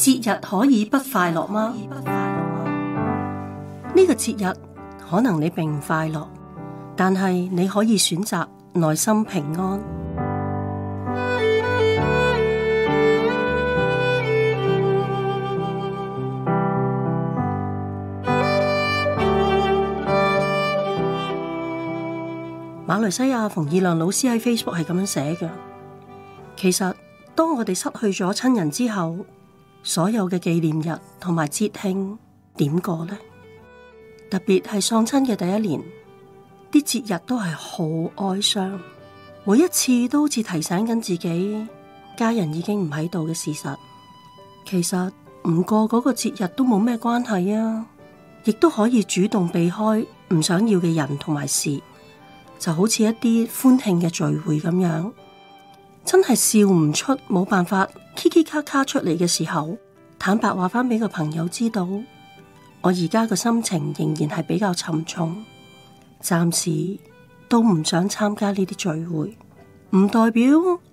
節日可以不快樂嗎？呢個節日可能你並唔快樂，但係你可以選擇內心平安。馬來西亞馮意亮老師喺 Facebook 係咁樣寫嘅：其實當我哋失去咗親人之後。所有嘅紀念日同埋節慶點過呢？特別係喪親嘅第一年，啲節日都係好哀傷。每一次都好似提醒緊自己，家人已經唔喺度嘅事實。其實唔過嗰個節日都冇咩關係啊，亦都可以主動避開唔想要嘅人同埋事，就好似一啲歡慶嘅聚會咁樣。真係笑唔出，冇辦法，嘰嘰卡卡出嚟嘅時候，坦白話翻俾個朋友知道，我而家嘅心情仍然係比較沉重，暫時都唔想參加呢啲聚會，唔代表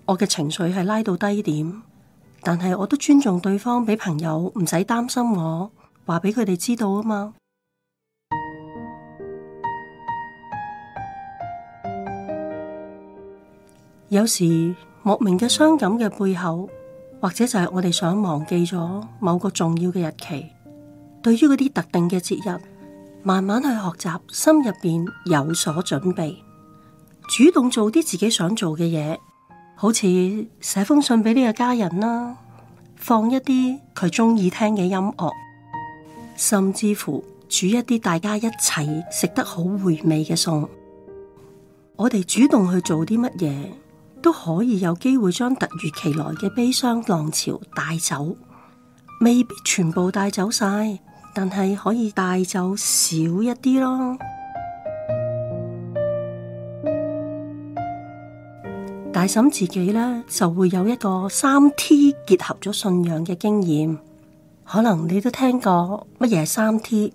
我嘅情緒係拉到低點，但係我都尊重對方，俾朋友唔使擔心我，話俾佢哋知道啊嘛， 有時。莫名嘅傷感嘅背後，或者就係我哋想忘記咗某個重要嘅日期。對於嗰啲特定嘅節日，慢慢去學習，心入邊有所準備，主動做啲自己想做嘅嘢，好似寫封信俾呢個家人啦，放一啲佢中意聽嘅音樂，甚至乎煮一啲大家一齊食得好回味嘅餸。我哋主動去做啲乜嘢，都可以有機會將突如其來嘅悲傷浪潮帶走，未必全部帶走晒，但係可以帶走少一啲咯。 大沈自己呢，就會有一個三 T 結合咗信仰嘅經驗，可能你都聽過乜嘢係三 T？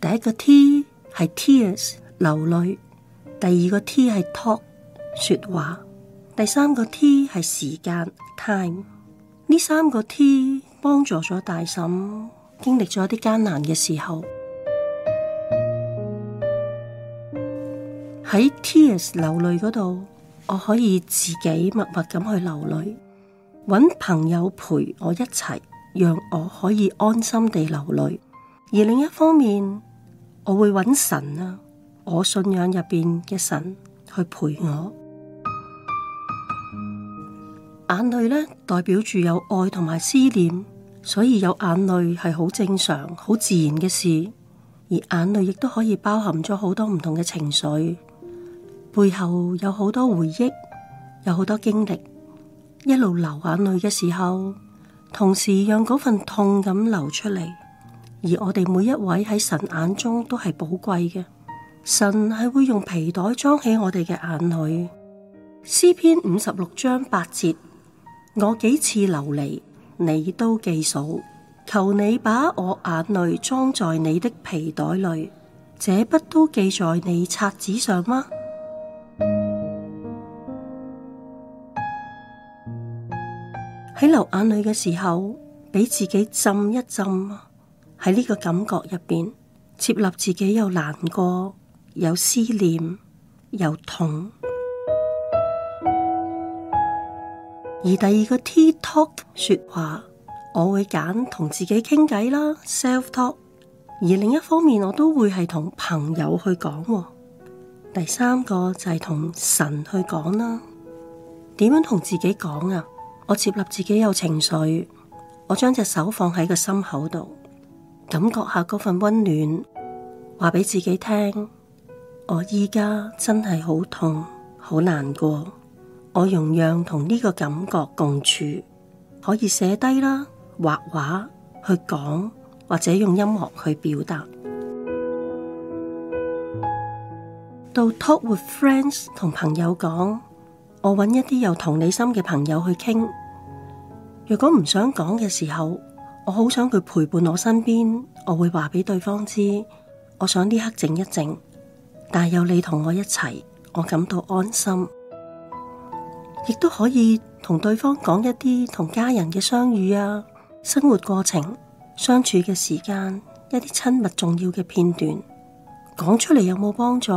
第一個 T 係 tears 流淚，第二個 T 係 talk 說話。第三個 T 係時間，time 呢三個 T 幫助咗大沈經歷咗一啲艱難嘅時候，喺 Tears 流淚嗰度，我可以自己默默咁去流淚，揾朋友陪我一齊，讓我可以安心地流淚。而另一方面，我會揾神啊，我信仰入面嘅神去陪我。眼淚咧，代表住有愛同埋思念，所以有眼淚係好正常、好自然嘅事。而眼淚亦都可以包含咗好多唔同嘅情緒，背後有好多回憶，有好多經歷。一路流眼淚嘅時候，同時讓嗰份痛咁流出嚟。而我哋每一位喺神眼中都係寶貴嘅，神係會用皮袋裝起我哋嘅眼淚。詩篇五十六章八節。我幾次流離，你都記數。求你把我眼淚裝在你的皮袋裏，這不都記在你冊子上嗎？喺流眼淚嘅時候，俾自己浸一浸。喺呢個感覺入邊，接納自己又難過，又思念，又痛。而第二個 T talk 說話，我會揀同自己傾偈啦，self talk。而另一方面，我都會係同朋友去講，哦。第三個就係同神去講啦。點樣同自己講啊？我接納自己有情緒，我將隻手放喺個心口度，感覺下嗰份溫暖，話俾自己聽。我依家真係好痛，好難過。我容讓同呢個感覺共處，可以寫低啦，畫畫去講，或者用音樂去表達。到 talk with friends，同朋友講，我揾一啲有同理心嘅朋友去傾。如果唔想講嘅時候，我好想佢陪伴我身邊，我會話俾對方知，我想呢刻靜一靜。但有你同我一齊，我感到安心。亦都可以同對方講一啲同家人嘅相遇啊，生活過程、相處嘅時間，一啲親密重要嘅片段，講出嚟有冇幫助？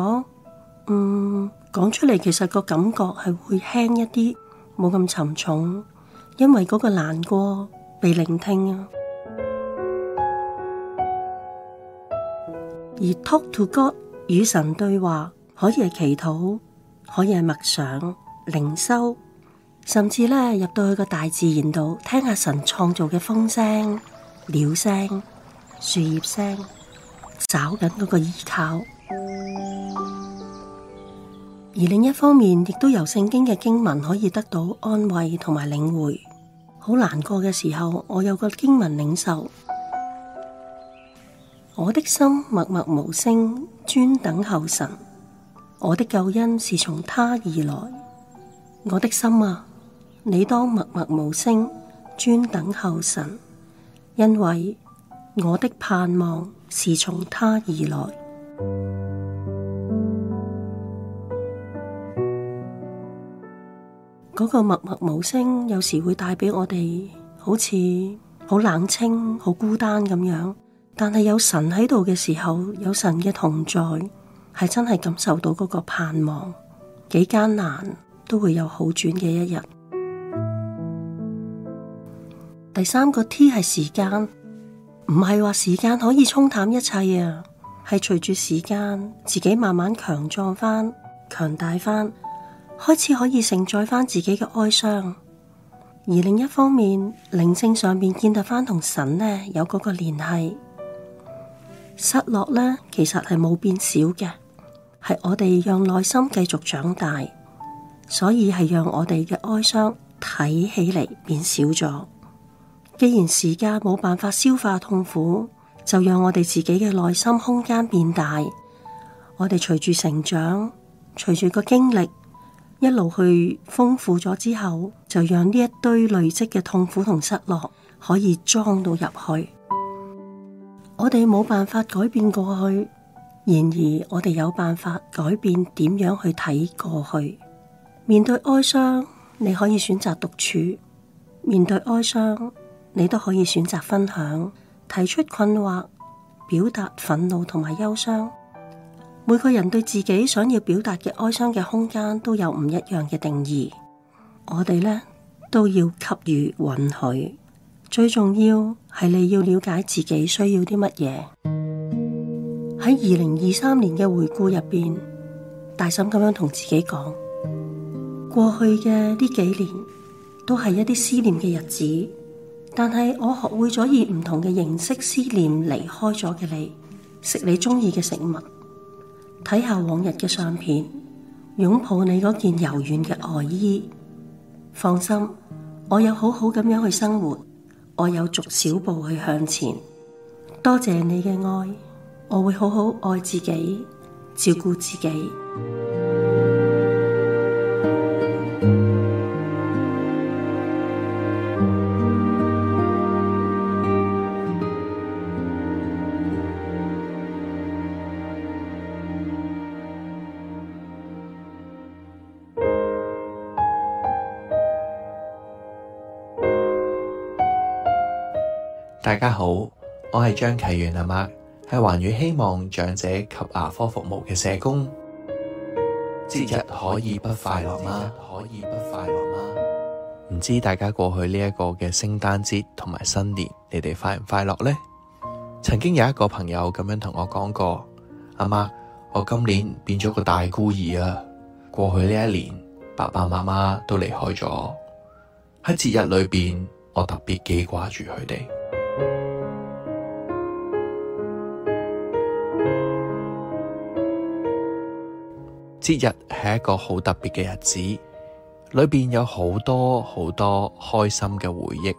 嗯，講出嚟其實個感覺係會輕一啲，冇咁沉重，因為嗰個難過被聆聽啊。而 Talk to God 與神對話，可以係祈禱，可以係默想。靈修，甚至呢入到去個大自然度聽下神創造嘅風聲、鳥聲、樹葉聲，找緊嗰個依靠。而另一方面，亦都由聖經嘅經文可以得到安慰同埋領會。好難過嘅時候，我有個經文領受我的心默默無聲，專等候神。我的救恩是從他而來。我的心啊，你當默默無聲，專等候神，因為我的盼望是從他而來。嗰 個默默無聲，有時會帶俾我哋好似好冷清、好孤單咁樣。但係有神喺度嘅時候，有神嘅同在，係真係感受到嗰個盼望幾艱難。都會有好轉嘅一日。第三個 T 係時間，唔係話時間可以沖淡一切啊，係隨住時間自己慢慢強壯翻、強大翻，開始可以承載翻自己嘅哀傷。而另一方面，靈性上面見到翻同神呢有嗰個聯繫，失落呢其實係冇變少嘅，係我哋讓內心繼續長大。所以係讓我哋嘅哀傷睇起嚟變少咗。既然時間冇辦法消化痛苦，就讓我哋自己嘅內心空間變大。我哋隨住成長，隨住個經歷一路去豐富咗之後，就讓呢一堆累積嘅痛苦同失落可以裝到入去。我哋冇辦法改變過去，然而我哋有辦法改變點樣去睇過去。面對哀傷，你可以選擇獨處；面對哀傷，你都可以選擇分享，提出困惑，表達憤怒同埋憂傷。每個人對自己想要表達嘅哀傷嘅空間都有唔一樣嘅定義，我哋呢，都要給予允許。最重要係你要了解自己需要啲乜嘢。喺二零二三年嘅回顧入邊，大嬸咁樣同自己講。過去嘅呢幾年都係一啲思念嘅日子，但係我學會咗以唔同嘅形式思念離開咗嘅你，食你中意嘅食物，睇下往日嘅相片，擁抱你嗰件柔軟嘅外衣。放心，我有好好咁樣去生活，我有逐小步去向前。多謝你嘅愛，我會好好愛自己，照顧自己。大家好，我係張啓遠阿 Mark，係寰宇希望長者及牙科服務嘅社工。節日可以不快樂嗎？可以不快樂嗎？唔知大家過去呢一個嘅聖誕節同埋新年，你哋快唔快樂呢？曾經有一個朋友咁樣同我講過，阿 Mark，我今年變咗個大孤兒啊。過去呢一年，爸爸媽媽都離開咗。喺節日裏邊，我特別記掛住佢哋。節日係一個好特別嘅日子，裏邊有好多好多開心嘅回憶，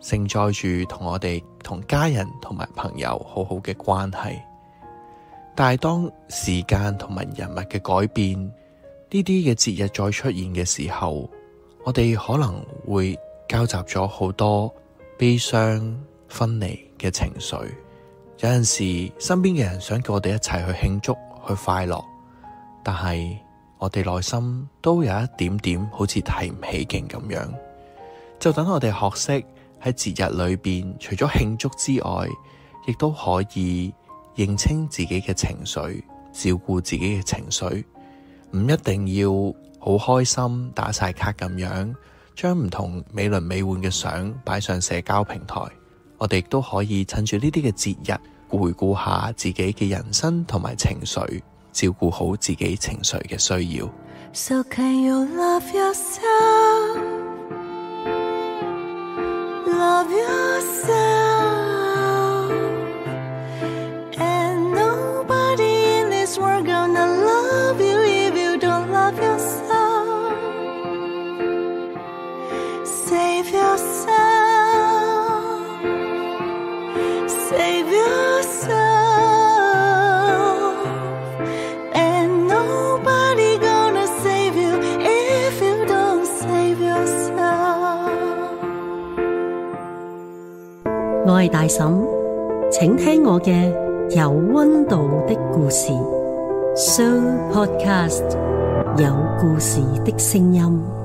盛載住同我哋、同家人、同埋朋友好好嘅關係。但係當時間同埋人物嘅改變，呢啲嘅節日再出現嘅時候，我哋可能會交集咗好多。悲傷分離嘅情緒，有陣時身邊嘅人想叫我哋一齊去慶祝去快樂，但係我哋內心都有一點點好似提唔起勁咁樣，就等我哋學識喺節日裏邊，除咗慶祝之外，亦都可以認清自己嘅情緒，照顧自己嘅情緒，唔一定要好開心打晒卡咁樣。將唔同美輪美奐嘅相擺上社交平台，我哋亦都可以趁住呢啲嘅節日回顧下自己嘅人生同埋情緒，照顧好自己情緒嘅需要。So can you love Sooo 大沈，請聽我嘅有温度的故事，Sooo Podcast 有故事的聲音。